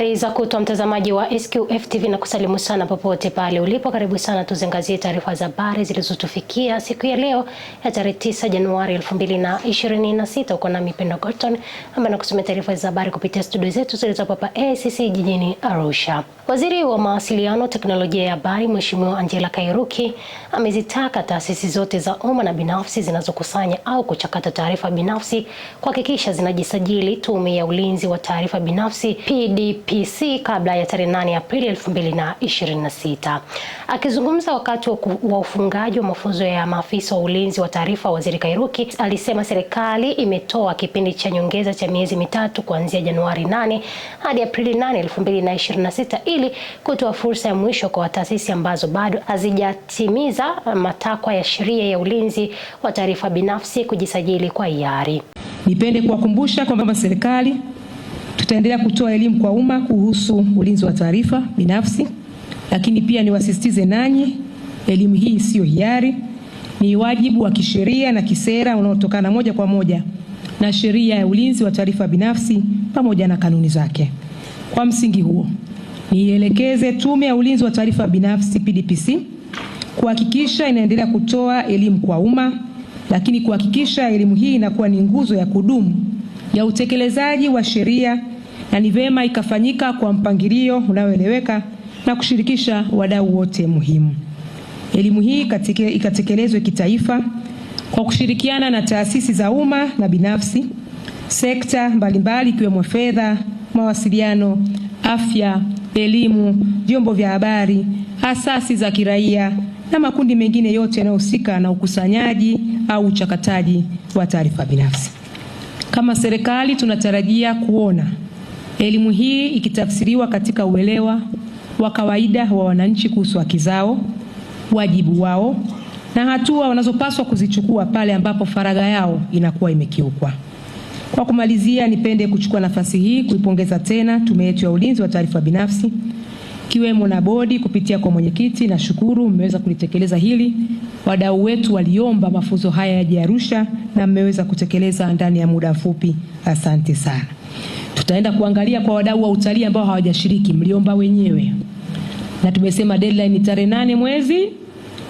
Habari za kutwa mtazamaji wa SQF TV na kusalimu sana popote pale ulipo, karibu sana tuziangazie taarifa za habari zilizotufikia siku ya leo ya tarehe 9 Januari 2026. Uko nami Pendo Gorton ambaye nakusomea taarifa za habari kupitia studio zetu zilizopo hapa ACC jijini Arusha. Waziri wa Mawasiliano, Teknolojia ya Habari, Mheshimiwa Angela Kairuki amezitaka taasisi zote za umma na binafsi zinazokusanya au kuchakata taarifa binafsi kuhakikisha zinajisajili Tume ya Ulinzi wa Taarifa Binafsi PDP PC kabla ya tarehe 8 Aprili 2026. Akizungumza wakati wa ufungaji wa mafunzo ya maafisa wa ulinzi wa taarifa, Waziri Kairuki alisema serikali imetoa kipindi cha nyongeza cha miezi mitatu kuanzia Januari 8 hadi Aprili 8, 2026 ili kutoa fursa ya mwisho kwa taasisi ambazo bado hazijatimiza matakwa ya sheria ya ulinzi wa taarifa binafsi kujisajili kwa hiari. Nipende kuwakumbusha kwamba serikali Tutaendelea kutoa elimu kwa umma kuhusu ulinzi wa taarifa binafsi, lakini pia niwasisitize nanyi, elimu hii siyo hiari, ni wajibu wa kisheria na kisera unaotokana moja kwa moja na sheria ya ulinzi wa taarifa binafsi pamoja na kanuni zake. Kwa msingi huo, nielekeze Tume ya Ulinzi wa Taarifa Binafsi PDPC kuhakikisha inaendelea kutoa elimu kwa umma, lakini kuhakikisha elimu hii inakuwa ni nguzo ya kudumu ya utekelezaji wa sheria na ni vema ikafanyika kwa mpangilio unaoeleweka na kushirikisha wadau wote muhimu. Elimu hii ikatekelezwe kitaifa kwa kushirikiana na taasisi za umma na binafsi, sekta mbalimbali ikiwemo fedha, mawasiliano, afya, elimu, vyombo vya habari, asasi za kiraia na makundi mengine yote yanayohusika na ukusanyaji au uchakataji wa taarifa binafsi. Kama serikali tunatarajia kuona Elimu hii ikitafsiriwa katika uelewa wa kawaida wa wananchi kuhusu haki zao, wajibu wao na hatua wanazopaswa kuzichukua pale ambapo faragha yao inakuwa imekiukwa. Kwa kumalizia, nipende kuchukua nafasi hii kuipongeza tena Tume yetu ya Ulinzi wa Taarifa Binafsi ikiwemo na bodi kupitia kwa mwenyekiti. Nashukuru mmeweza kulitekeleza hili. Wadau wetu waliomba mafunzo haya yaje Arusha na mmeweza kutekeleza ndani ya muda mfupi. Asante sana tutaenda kuangalia kwa wadau wa utalii ambao hawajashiriki, mliomba wenyewe, na tumesema deadline ni tarehe nane mwezi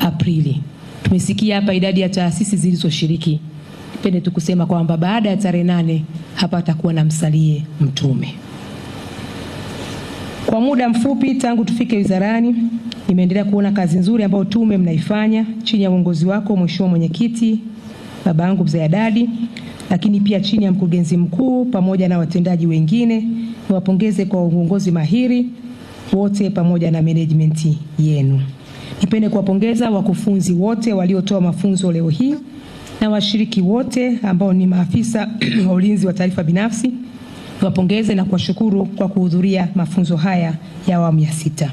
Aprili. Tumesikia hapa idadi ya taasisi zilizoshiriki. Pende tu kusema kwamba baada ya tarehe nane hapa atakuwa na msalie mtume. Kwa muda mfupi tangu tufike wizarani, nimeendelea kuona kazi nzuri ambayo tume mnaifanya chini ya uongozi wako, Mheshimiwa Mwenyekiti, baba yangu mzee Adadi, lakini pia chini ya mkurugenzi mkuu pamoja na watendaji wengine. Niwapongeze kwa uongozi mahiri wote pamoja na management yenu. Nipende kuwapongeza wakufunzi wote waliotoa mafunzo leo hii na washiriki wote ambao ni maafisa wa ulinzi wa taarifa binafsi. Niwapongeze na kuwashukuru kwa kuhudhuria mafunzo haya ya awamu ya sita.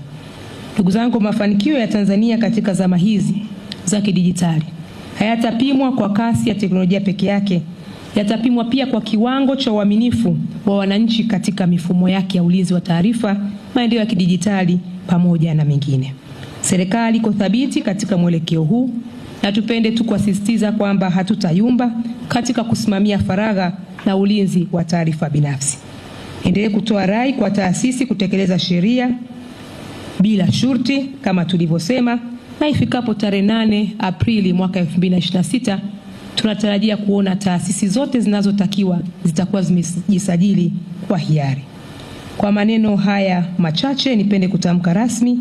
Ndugu zangu, mafanikio ya Tanzania katika zama hizi za kidijitali hayatapimwa kwa kasi ya teknolojia peke yake, yatapimwa pia kwa kiwango cha uaminifu wa wananchi katika mifumo yake ya ulinzi wa taarifa, maendeleo ya kidijitali pamoja na mengine. Serikali iko thabiti katika mwelekeo huu na tupende tu kuasisitiza kwamba hatutayumba katika kusimamia faragha na ulinzi wa taarifa binafsi. Endelee kutoa rai kwa taasisi kutekeleza sheria bila shurti kama tulivyosema, na ifikapo tarehe 8 Aprili mwaka 2026 tunatarajia kuona taasisi zote zinazotakiwa zitakuwa zimejisajili kwa hiari. Kwa maneno haya machache, nipende kutamka rasmi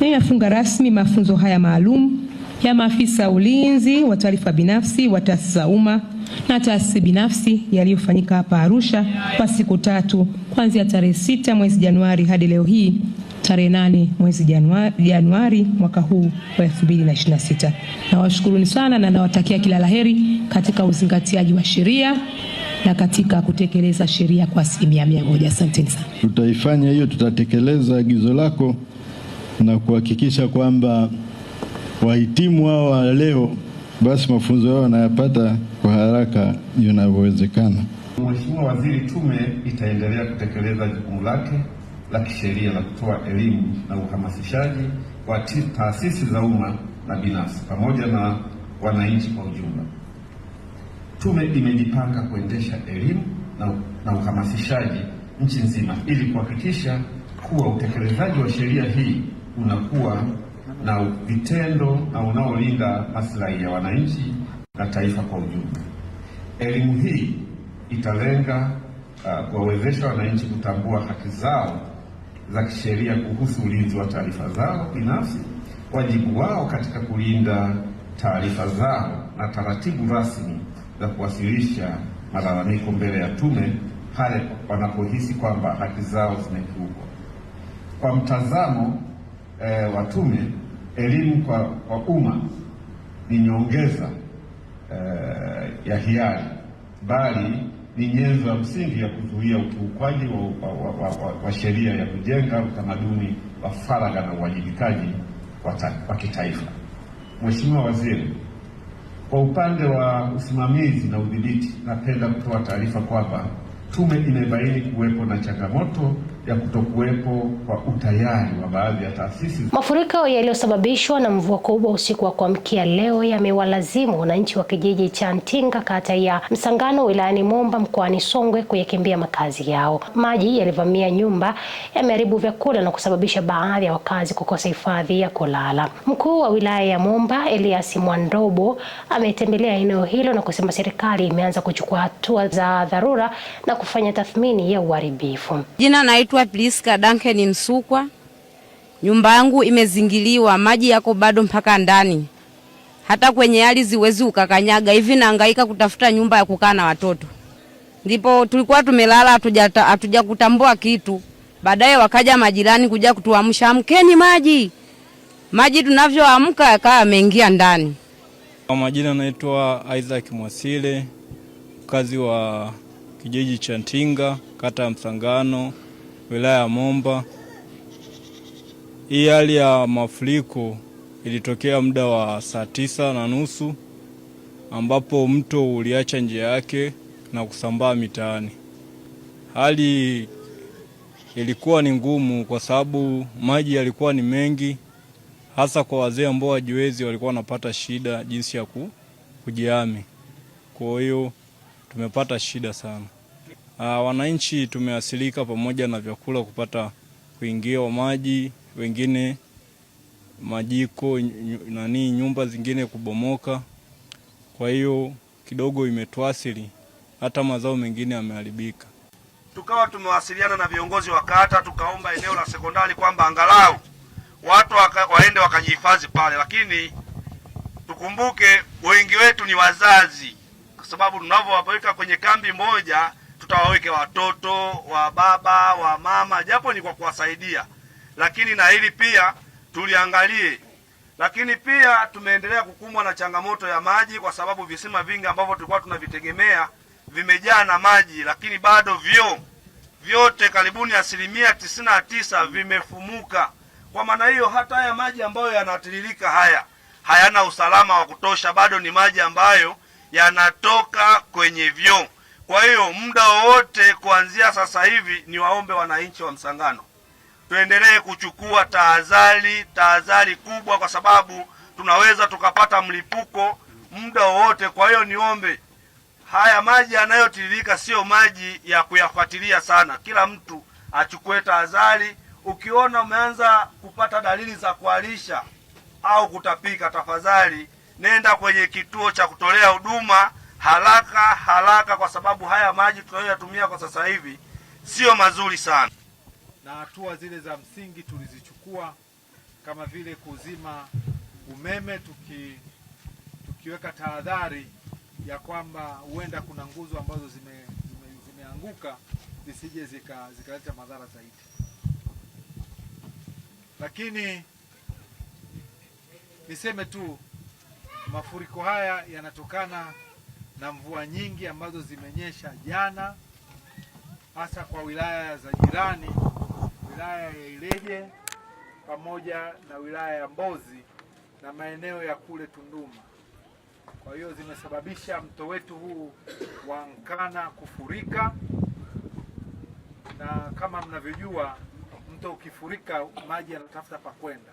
nimefunga rasmi mafunzo haya maalum ya maafisa ulinzi wa taarifa binafsi wa taasisi za umma na taasisi binafsi yaliyofanyika hapa Arusha kwa siku tatu kuanzia tarehe sita mwezi Januari hadi leo hii tarehe nane mwezi Januari, Januari mwaka huu wa 2026. Nawashukuruni sana na nawatakia kila laheri katika uzingatiaji wa sheria na katika kutekeleza sheria kwa asilimia mia moja. Asanteni sana. Tutaifanya hiyo, tutatekeleza agizo lako na kuhakikisha kwamba wahitimu hao wa leo basi mafunzo yao wanayapata kwa haraka inavyowezekana. Mheshimiwa Waziri, tume itaendelea kutekeleza jukumu lake la kisheria la kutoa elimu na uhamasishaji kwa taasisi za umma na binafsi pamoja na wananchi kwa ujumla. Tume imejipanga kuendesha elimu na, na uhamasishaji nchi nzima ili kuhakikisha kuwa utekelezaji wa sheria hii unakuwa na vitendo na unaolinda maslahi ya wananchi na taifa kwa ujumla. Elimu hii italenga uh, kuwawezesha wananchi kutambua haki zao za kisheria kuhusu ulinzi wa taarifa zao binafsi, wajibu wao katika kulinda taarifa zao na taratibu rasmi za kuwasilisha malalamiko mbele ya tume pale wanapohisi kwamba haki zao zimekiukwa. Kwa mtazamo e, wa tume, elimu kwa, kwa umma ni nyongeza e, ya hiari bali ni nyenzo ya msingi ya kuzuia ukiukwaji wa, wa, wa, wa, wa, wa sheria ya kujenga utamaduni wa faragha na uwajibikaji wa, wa kitaifa. Mheshimiwa Waziri, kwa upande wa usimamizi na udhibiti, napenda kutoa taarifa kwamba tume imebaini kuwepo na changamoto ya kutokuwepo kwa utayari wa baadhi ya taasisi. Mafuriko yaliyosababishwa na mvua kubwa usiku wa kuamkia leo yamewalazimu wananchi wa kijiji cha Ntinga kata ya Msangano wilayani Momba mkoani Songwe kuyakimbia makazi yao. Maji yalivamia nyumba, yameharibu vyakula na kusababisha baadhi ya wakazi kukosa hifadhi ya kulala. Mkuu wa wilaya ya Momba Elias Mwandobo ametembelea eneo hilo na kusema serikali imeanza kuchukua hatua za dharura na kufanya tathmini ya uharibifu. Jina naitwa Priska Duncan Msukwa. Nyumba yangu imezingiliwa, maji yako bado mpaka ndani, hata kwenye hali ziwezi ukakanyaga hivi. Naangaika kutafuta nyumba ya kukaa na watoto, ndipo tulikuwa tumelala, hatuja kutambua kitu. Baadaye wakaja majirani kuja kutuamsha, amkeni maji maji. Tunavyoamka yakawa yameingia ndani. Kwa majina naitwa Isaac Mwasile, mkazi wa kijiji cha Ntinga, kata ya Msangano, wilaya ya Momba. Hii hali ya mafuriko ilitokea muda wa saa tisa na nusu ambapo mto uliacha njia yake na kusambaa mitaani. Hali ilikuwa ni ngumu kwa sababu maji yalikuwa ni mengi, hasa kwa wazee ambao wajiwezi walikuwa wanapata shida jinsi ya kujihami. Kwa hiyo tumepata shida sana. Uh, wananchi tumeasilika pamoja na vyakula kupata kuingia maji, wengine majiko nani, nyumba zingine kubomoka. Kwa hiyo kidogo imetuasili, hata mazao mengine yameharibika. Tukawa tumewasiliana na viongozi wa kata, tukaomba eneo la sekondari kwamba angalau watu waka, waende wakajihifadhi pale, lakini tukumbuke wengi wetu ni wazazi sababu tunavyowapeleka kwenye kambi moja, tutawaweke watoto wa baba wa mama, japo ni kwa kuwasaidia, lakini na hili pia tuliangalie. Lakini pia tumeendelea kukumbwa na changamoto ya maji, kwa sababu visima vingi ambavyo tulikuwa tunavitegemea vimejaa na maji, lakini bado vyoo vyote karibuni asilimia tisini na tisa vimefumuka. Kwa maana hiyo, hata haya maji ambayo yanatiririka haya hayana usalama wa kutosha, bado ni maji ambayo yanatoka kwenye vyoo. Kwa hiyo muda wowote kuanzia sasa hivi, ni waombe wananchi wa Msangano tuendelee kuchukua tahadhari, tahadhari kubwa, kwa sababu tunaweza tukapata mlipuko muda wowote. Kwa hiyo niombe haya maji yanayotiririka siyo maji ya kuyafuatilia sana, kila mtu achukue tahadhari. Ukiona umeanza kupata dalili za kuharisha au kutapika, tafadhali nenda kwenye kituo cha kutolea huduma haraka haraka, kwa sababu haya maji tunayoyatumia kwa sasa hivi sio mazuri sana, na hatua zile za msingi tulizichukua kama vile kuzima umeme tuki, tukiweka tahadhari ya kwamba huenda kuna nguzo ambazo zime, zime, zimeanguka zisije zikaleta zika madhara zaidi. Lakini niseme tu Mafuriko haya yanatokana na mvua nyingi ambazo zimenyesha jana, hasa kwa wilaya za jirani, wilaya ya Ileje pamoja na wilaya ya Mbozi na maeneo ya kule Tunduma. Kwa hiyo zimesababisha mto wetu huu wa Nkana kufurika, na kama mnavyojua, mto ukifurika maji yanatafuta pa kwenda.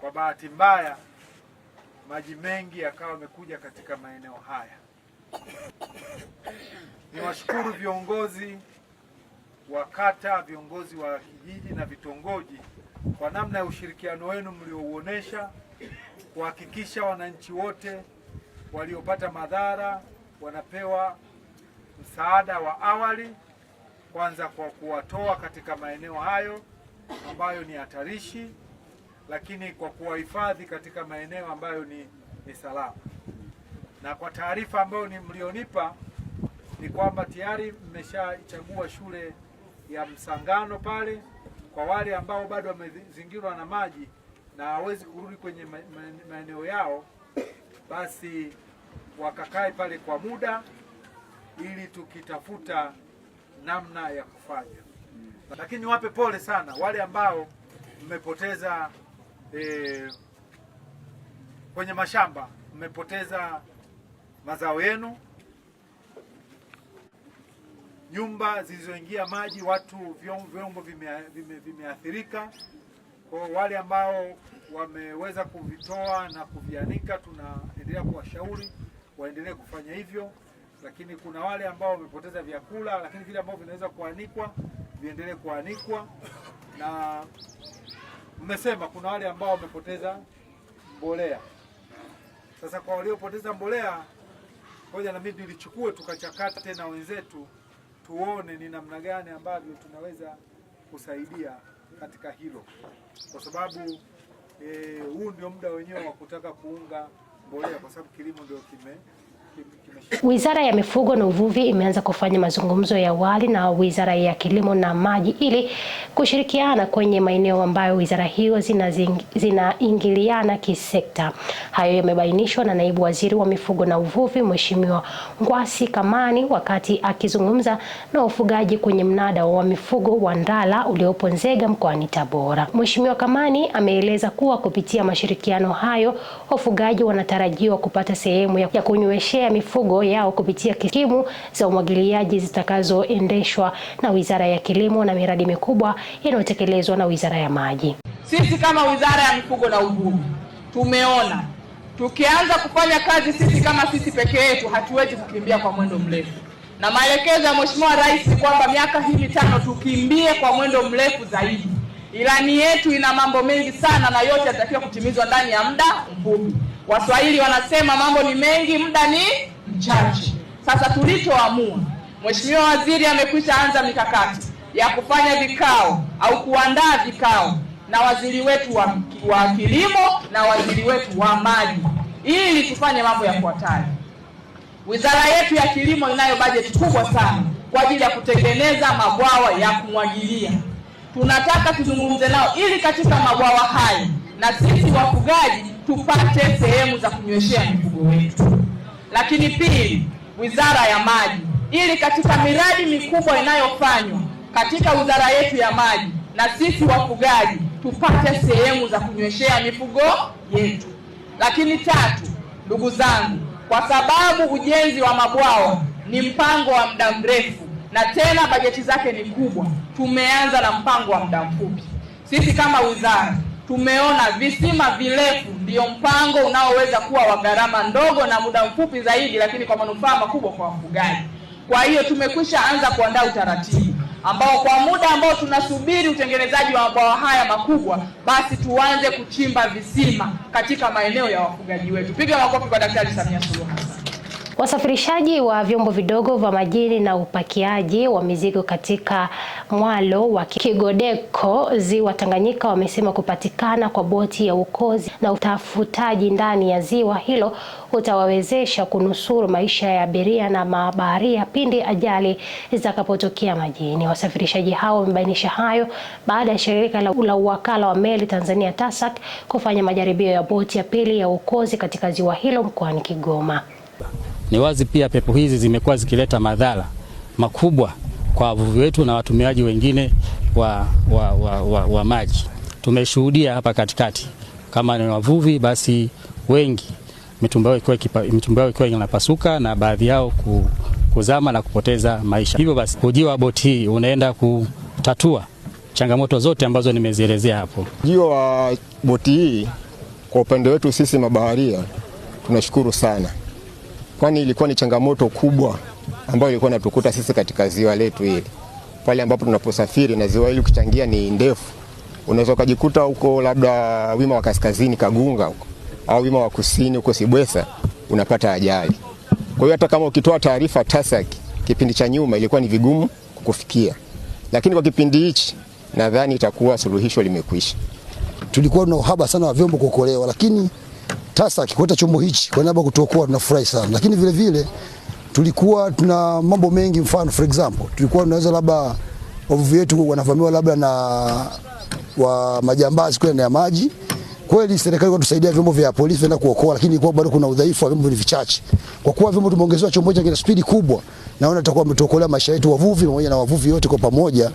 Kwa bahati mbaya maji mengi yakawa yamekuja katika maeneo haya. Niwashukuru viongozi wa kata, viongozi wa kijiji na vitongoji kwa namna ya ushirikiano wenu mliouonesha kuhakikisha wananchi wote waliopata madhara wanapewa msaada wa awali, kwanza kwa kuwatoa katika maeneo hayo ambayo ni hatarishi lakini kwa kuwahifadhi katika maeneo ambayo ni, ni salama. Na kwa taarifa ambayo ni mlionipa ni kwamba tayari mmeshachagua shule ya Msangano pale kwa wale ambao bado wamezingirwa na maji na hawezi kurudi kwenye maeneo yao, basi wakakae pale kwa muda ili tukitafuta namna ya kufanya. Lakini niwape pole sana wale ambao mmepoteza e, kwenye mashamba mmepoteza mazao yenu, nyumba zilizoingia maji, watu vyombo vimeathirika vime, vime kwa wale ambao wameweza kuvitoa na kuvianika, tunaendelea kuwashauri waendelee kufanya hivyo, lakini kuna wale ambao wamepoteza vyakula, lakini vile ambavyo vinaweza kuanikwa viendelee kuanikwa na mmesema kuna wale ambao wamepoteza mbolea. Sasa kwa waliopoteza mbolea, ngoja na mimi nilichukue tukachakata tena wenzetu, tuone ni namna gani ambavyo tunaweza kusaidia katika hilo, kwa sababu eh, huu e, ndio muda wenyewe wa kutaka kuunga mbolea, kwa sababu kilimo ndio kime Wizara ya Mifugo na Uvuvi imeanza kufanya mazungumzo ya awali na Wizara ya Kilimo na Maji ili kushirikiana kwenye maeneo ambayo wizara hiyo zinaingiliana zina kisekta. Hayo yamebainishwa na Naibu Waziri wa Mifugo na Uvuvi Mheshimiwa Ngwasi Kamani wakati akizungumza na wafugaji kwenye mnada wa mifugo wa Ndala uliopo Nzega mkoani Tabora. Mheshimiwa Kamani ameeleza kuwa kupitia mashirikiano hayo wafugaji wanatarajiwa kupata sehemu ya kunyweshea kupelekea mifugo yao kupitia kimu za umwagiliaji zitakazoendeshwa na Wizara ya Kilimo na miradi mikubwa inayotekelezwa na Wizara ya Maji. Sisi kama Wizara ya Mifugo na Uvuvi tumeona tukianza kufanya kazi sisi kama sisi peke yetu hatuwezi kukimbia kwa mwendo mrefu, na maelekezo ya Mheshimiwa Rais kwamba miaka hii mitano tukimbie kwa mwendo mrefu zaidi. Ilani yetu ina mambo mengi sana, na yote yatakiwa kutimizwa ndani ya muda mfupi. Waswahili wanasema mambo ni mengi, muda ni mchache. Sasa tulichoamua, Mheshimiwa Waziri amekwisha anza mikakati ya kufanya vikao au kuandaa vikao na waziri wetu wa, wa kilimo na waziri wetu wa maji ili tufanye mambo yafuatayo. Wizara yetu ya kilimo inayo bajeti kubwa sana kwa ajili ya kutengeneza mabwawa ya kumwagilia. Tunataka tuzungumze nao ili katika mabwawa hayo na sisi wafugaji tupate sehemu za kunyweshea mifugo wetu. Lakini pili, wizara ya maji, ili katika miradi mikubwa inayofanywa katika wizara yetu ya maji, na sisi wafugaji tupate sehemu za kunyweshea mifugo yetu. Lakini tatu, ndugu zangu, kwa sababu ujenzi wa mabwawa ni mpango wa muda mrefu na tena bajeti zake ni kubwa, tumeanza na mpango wa muda mfupi. Sisi kama wizara tumeona visima virefu ndio mpango unaoweza kuwa wa gharama ndogo na muda mfupi zaidi, lakini kwa manufaa makubwa kwa wafugaji. Kwa hiyo tumekwisha anza kuandaa utaratibu ambao kwa muda ambao tunasubiri utengenezaji wa mabwawa haya makubwa, basi tuanze kuchimba visima katika maeneo ya wafugaji wetu. Piga makofi kwa Daktari Samia Suluhu. Wasafirishaji wa vyombo vidogo vya majini na upakiaji wa mizigo katika mwalo wa Kigodeko ziwa Tanganyika wamesema kupatikana kwa boti ya uokozi na utafutaji ndani ya ziwa hilo utawawezesha kunusuru maisha ya abiria na mabaharia pindi ajali zitakapotokea majini. Wasafirishaji hao wamebainisha hayo baada ya shirika la uwakala wa meli Tanzania TASAC kufanya majaribio ya boti ya pili ya uokozi katika ziwa hilo mkoani Kigoma. Ni wazi pia pepo hizi zimekuwa zikileta madhara makubwa kwa wavuvi wetu na watumiaji wengine wa, wa, wa, wa, wa maji. Tumeshuhudia hapa katikati, kama ni wavuvi basi wengi mitumba yao ikiwa inapasuka na baadhi yao kuzama na kupoteza maisha. Hivyo basi ujio wa boti hii unaenda kutatua changamoto zote ambazo nimezielezea hapo. Ujio wa boti hii kwa upande wetu sisi mabaharia tunashukuru sana kwani ilikuwa ni changamoto kubwa ambayo ilikuwa inatukuta sisi katika ziwa letu hili pale ambapo tunaposafiri, na ziwa hili ukichangia ni ndefu, unaweza ukajikuta huko labda wima wa kaskazini Kagunga huko au wima wa kusini huko Sibwesa unapata ajali. Kwa hiyo hata kama ukitoa taarifa TASAC kipindi cha nyuma ilikuwa ni vigumu kukufikia, lakini kwa kipindi hichi nadhani itakuwa suluhisho limekwisha. Tulikuwa na uhaba sana wa vyombo kuokolewa, lakini TASAC kuleta chombo hichi kwa niaba kutuokoa, tunafurahi sana, lakini vile vile tulikuwa tuna mambo mengi. Mfano, for example, tulikuwa tunaweza labda wavuvi wetu wanavamiwa labda na wa majambazi kule ya maji Kweli serikali tusaidia vyombo vya polisi na kuokoa, lakini kwa bado kuna udhaifu wa vyombo ni vichache. Kwa kuwa vyombo tumeongezewa chombo kina spidi kubwa, naona tutakuwa tumetokolea maisha yetu wavuvi pamoja na wavuvi wote kwa pamoja.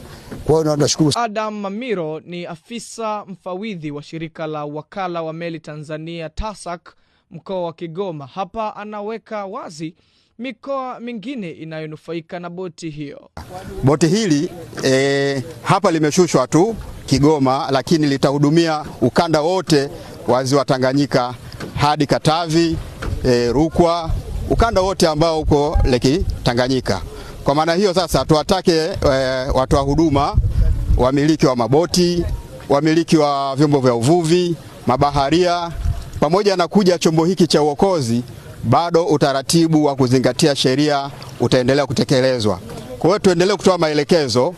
Kwa hiyo nashukuru. Adam Mamiro ni afisa mfawidhi wa shirika la wakala wa meli Tanzania TASAC mkoa wa Kigoma. Hapa anaweka wazi mikoa mingine inayonufaika na boti hiyo. Boti hili e, hapa limeshushwa tu Kigoma, lakini litahudumia ukanda wote wa ziwa Tanganyika hadi Katavi, e, Rukwa, ukanda wote ambao uko leki Tanganyika. Kwa maana hiyo sasa tuwatake e, watoa huduma, wamiliki wa maboti, wamiliki wa vyombo vya uvuvi, mabaharia pamoja na kuja chombo hiki cha uokozi bado utaratibu wa kuzingatia sheria utaendelea kutekelezwa. Kwa hiyo tuendelee kutoa maelekezo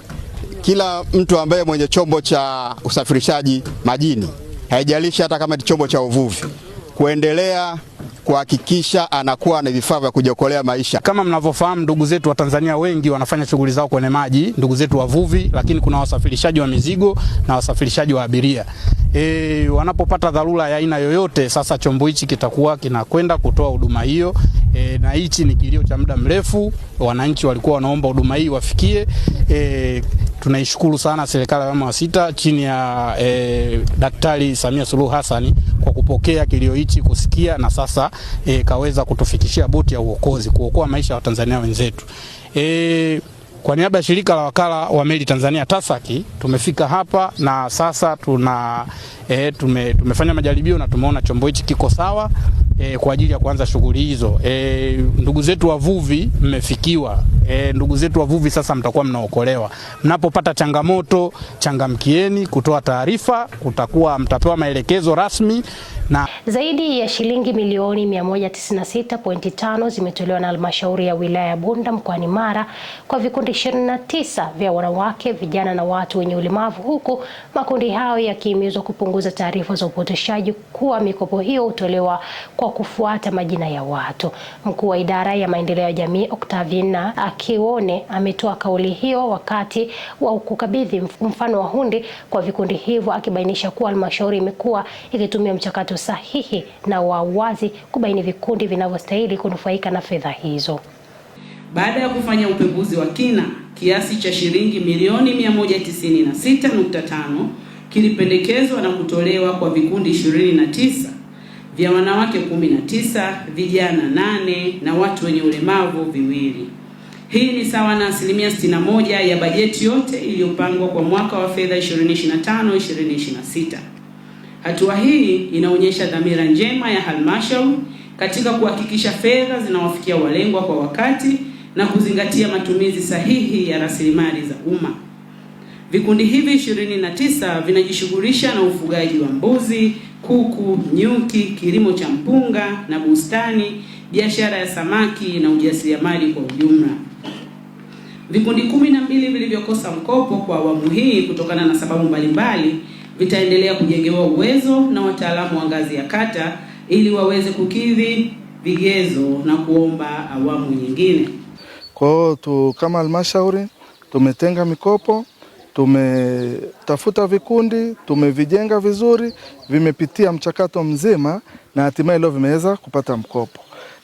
kila mtu ambaye mwenye chombo cha usafirishaji majini, haijalishi hata kama ni chombo cha uvuvi, kuendelea kuhakikisha anakuwa na vifaa vya kujokolea maisha. Kama mnavyofahamu, ndugu zetu wa Tanzania wengi wanafanya shughuli zao kwenye maji, ndugu zetu wavuvi, lakini kuna wasafirishaji wa mizigo na wasafirishaji wa abiria. E, wanapopata dharura ya aina yoyote, sasa chombo hichi kitakuwa kinakwenda kutoa huduma hiyo. E, na hichi ni kilio cha muda mrefu, wananchi walikuwa wanaomba huduma hii wafikie e, Tunaishukuru sana serikali ya awamu ya sita chini ya e, Daktari Samia Suluhu Hassan kwa kupokea kilio hichi, kusikia na sasa e, kaweza kutufikishia boti ya uokozi kuokoa maisha ya wa Watanzania wenzetu e, kwa niaba ya shirika la wakala wa meli Tanzania TASAKI tumefika hapa na sasa tuna e, tume, tumefanya majaribio na tumeona chombo hichi kiko sawa e, kwa ajili ya kuanza shughuli hizo. E, ndugu zetu wavuvi mmefikiwa e, ndugu zetu wavuvi sasa mtakuwa mnaokolewa. Mnapopata changamoto, changamkieni kutoa taarifa, kutakuwa mtapewa maelekezo rasmi na zaidi ya shilingi milioni 196.5 zimetolewa na halmashauri ya wilaya ya Bunda mkoani Mara kwa vikundi 29 vya wanawake, vijana na watu wenye ulemavu, huku makundi hayo yakihimizwa kupunguza taarifa za upotoshaji kuwa mikopo hiyo hutolewa kwa kufuata majina ya watu. Mkuu wa idara ya maendeleo ya jamii Octavina Kione ametoa kauli hiyo wakati wa kukabidhi mfano wa hundi kwa vikundi hivyo, akibainisha kuwa halmashauri imekuwa ikitumia mchakato sahihi na wa wazi kubaini vikundi vinavyostahili kunufaika na fedha hizo. Baada ya kufanya upembuzi wa kina, kiasi cha shilingi milioni 196.5 kilipendekezwa na kutolewa kwa vikundi 29 vya wanawake 19, vijana 8 na watu wenye ulemavu viwili. Hii ni sawa na asilimia 61 ya bajeti yote iliyopangwa kwa mwaka wa fedha 2025 2026. Hatua hii inaonyesha dhamira njema ya halmashauri katika kuhakikisha fedha zinawafikia walengwa kwa wakati na kuzingatia matumizi sahihi ya rasilimali za umma. Vikundi hivi 29 vinajishughulisha na ufugaji wa mbuzi kuku, nyuki, kilimo cha mpunga na bustani, biashara ya samaki na ujasiriamali kwa ujumla. Vikundi kumi na mbili vilivyokosa mkopo kwa awamu hii kutokana na sababu mbalimbali vitaendelea kujengewa uwezo na wataalamu wa ngazi ya kata ili waweze kukidhi vigezo na kuomba awamu nyingine. Kwa hiyo tu kama halmashauri tumetenga mikopo tumetafuta vikundi, tumevijenga vizuri, vimepitia mchakato mzima na hatimaye leo vimeweza kupata mkopo.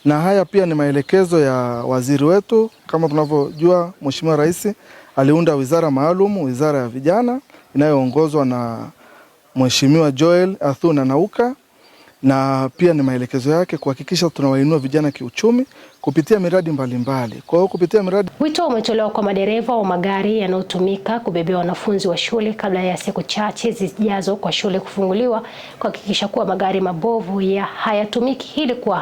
Na haya pia ni maelekezo ya waziri wetu. Kama tunavyojua, Mheshimiwa Rais aliunda wizara maalum, wizara ya vijana inayoongozwa na Mheshimiwa Joel Athuna Nauka, na pia ni maelekezo yake kuhakikisha tunawainua vijana kiuchumi, kupitia miradi mbalimbali. Kwa hiyo kupitia miradi, wito umetolewa kwa madereva wa magari yanayotumika kubebea wanafunzi wa shule kabla ya siku chache zijazo kwa shule kufunguliwa kuhakikisha kuwa magari mabovu ya hayatumiki ili kuwa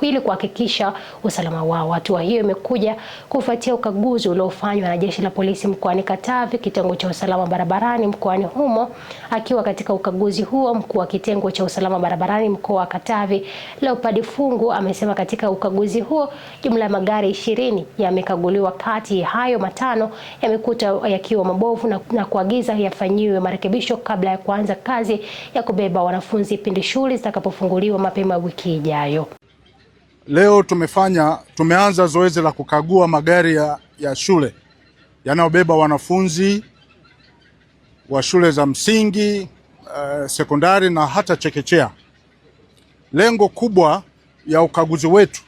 ili kuhakikisha usalama wao. Hatua hiyo imekuja kufuatia ukaguzi uliofanywa na jeshi la polisi mkoani Katavi, kitengo cha usalama barabarani mkoani humo. Akiwa katika ukaguzi huo, mkuu wa kitengo cha usalama barabarani mkoa wa Katavi, Leopard Fungu, amesema katika ukaguzi huo jumla ya magari ishirini yamekaguliwa, kati hayo matano yamekuta yakiwa mabovu na, na kuagiza yafanyiwe marekebisho kabla ya kuanza kazi ya kubeba wanafunzi pindi shule zitakapofunguliwa mapema wiki ijayo. Leo tumefanya tumeanza zoezi la kukagua magari ya, ya shule yanayobeba wanafunzi wa shule za msingi uh, sekondari na hata chekechea. Lengo kubwa ya ukaguzi wetu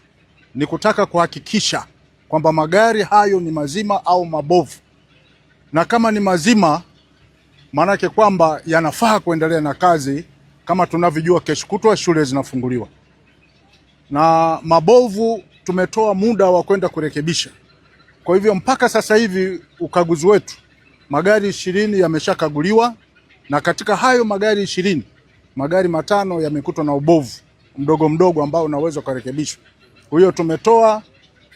ni kutaka kuhakikisha kwamba magari hayo ni mazima au mabovu, na kama ni mazima, maanake kwamba yanafaa kuendelea na kazi. Kama tunavyojua, kesho kutwa shule zinafunguliwa na mabovu tumetoa muda wa kwenda kurekebisha. Kwa hivyo mpaka sasa hivi ukaguzi wetu magari ishirini yameshakaguliwa na katika hayo magari ishirini magari matano yamekutwa na ubovu mdogo mdogo ambao unaweza kurekebishwa. Kwa hiyo tumetoa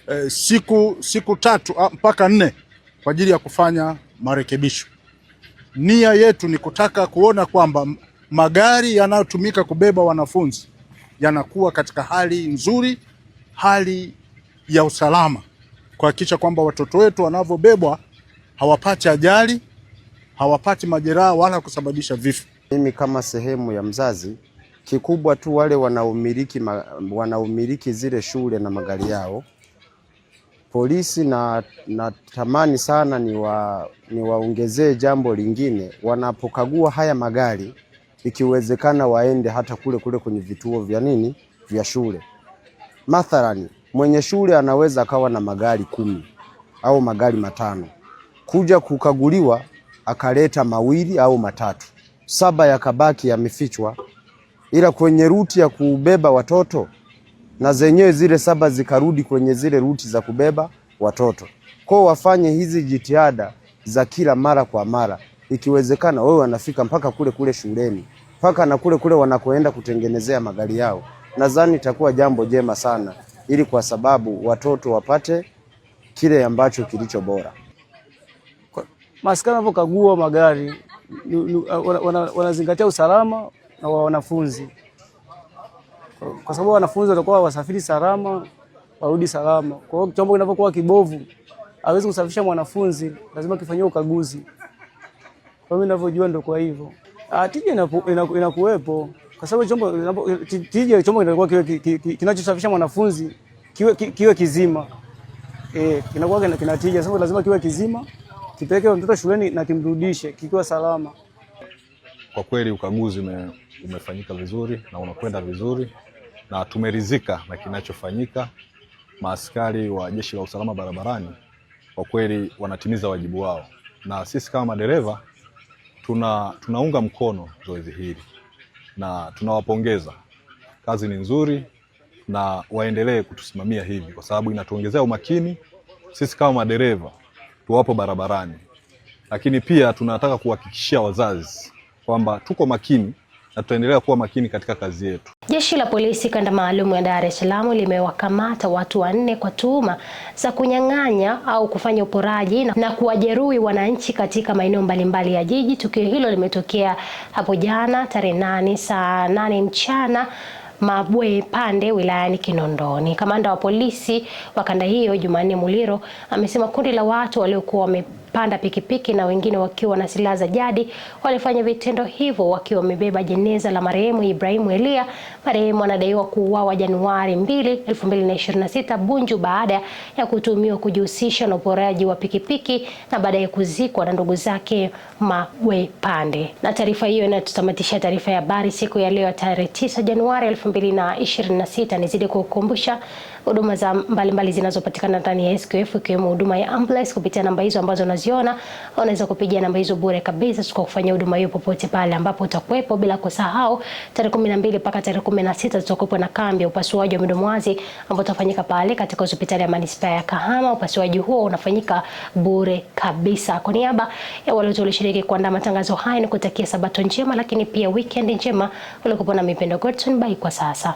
e, siku, siku tatu ah, mpaka nne kwa ajili ya kufanya marekebisho. Nia yetu ni kutaka kuona kwamba magari yanayotumika kubeba wanafunzi yanakuwa katika hali nzuri, hali ya usalama, kuhakikisha kwamba watoto wetu wanavyobebwa hawapati ajali, hawapati majeraha wala kusababisha vifo. Mimi kama sehemu ya mzazi, kikubwa tu wale wanaomiliki wanaomiliki zile shule na magari yao polisi na natamani sana niwaongezee ni jambo lingine, wanapokagua haya magari ikiwezekana waende hata kule kule kwenye vituo vya nini vya shule. Mathalani, mwenye shule anaweza akawa na magari kumi au magari matano, kuja kukaguliwa akaleta mawili au matatu, saba yakabaki yamefichwa, ila kwenye ruti ya kubeba watoto na zenyewe zile saba zikarudi kwenye zile ruti za kubeba watoto. Kwa wafanye hizi jitihada za kila mara kwa mara, ikiwezekana wewe anafika mpaka kule kule shuleni mpaka na kule kule wanakoenda kutengenezea magari yao. Nadhani itakuwa jambo jema sana, ili kwa sababu watoto wapate kile ambacho kilicho bora. Maskani wanapokagua magari wanazingatia usalama na wa wanafunzi, kwa sababu wanafunzi watakuwa wasafiri salama, warudi salama. Kwa hiyo chombo kinapokuwa kibovu hawezi kusafisha mwanafunzi, lazima kifanyiwe ukaguzi. Kwa mimi ninavyojua ndio kwa hivyo. Ah, tija inakuwepo kwa sababu chombo tija chombo inakuwa kinachosafisha mwanafunzi kiwe, kiwe kizima eh, kinakuwa kina tija. Sababu lazima kiwe kizima, kipeleke mtoto shuleni na kimrudishe kikiwa salama. Kwa kweli ukaguzi ume, umefanyika vizuri na unakwenda vizuri na tumeridhika na kinachofanyika. Maaskari wa jeshi la usalama barabarani kwa kweli wanatimiza wajibu wao, na sisi kama madereva tuna, tunaunga mkono zoezi hili na tunawapongeza. Kazi ni nzuri na waendelee kutusimamia hivi, kwa sababu inatuongezea umakini sisi kama madereva tuwapo barabarani, lakini pia tunataka kuhakikishia wazazi kwamba tuko makini na tutaendelea kuwa makini katika kazi yetu. Jeshi la polisi kanda maalum ya Dar es Salaam limewakamata watu wanne kwa tuhuma za kunyang'anya au kufanya uporaji na kuwajeruhi wananchi katika maeneo mbalimbali ya jiji. Tukio hilo limetokea hapo jana tarehe nane saa nane mchana Mabwe Pande wilayani Kinondoni. Kamanda wa polisi wa kanda hiyo Jumanne Muliro amesema kundi la watu waliokuwa wame wakipanda pikipiki na wengine wakiwa na silaha za jadi walifanya vitendo hivyo wakiwa wamebeba jeneza la marehemu Ibrahimu Elia. Marehemu anadaiwa kuuawa Januari 2, 2026 Bunju baada ya kutumiwa kujihusisha na uporaji wa pikipiki na baadaye kuzikwa na ndugu zake Mawepande. Na taarifa hiyo inatutamatisha taarifa ya habari siku ya leo tarehe 9 Januari 2026. Nizidi kukukumbusha huduma za mbalimbali zinazopatikana ndani ya SQF ikiwemo huduma ya ambulance kupitia namba hizo ambazo unaziona. Unaweza kupigia namba hizo bure kabisa kufanya huduma hiyo popote pale ambapo utakuwepo, bila kusahau tarehe 12 mpaka tarehe 16 tutakuwepo na kambi ya upasuaji wa midomo wazi ambao utafanyika pale katika hospitali ya manispaa ya Kahama. Upasuaji huo unafanyika bure kabisa. Kwa niaba ya wale wote walioshiriki kuandaa matangazo haya, ni kutakia Sabato njema, lakini pia weekend njema. Ulikuwa na mipendo Godson, bye kwa sasa.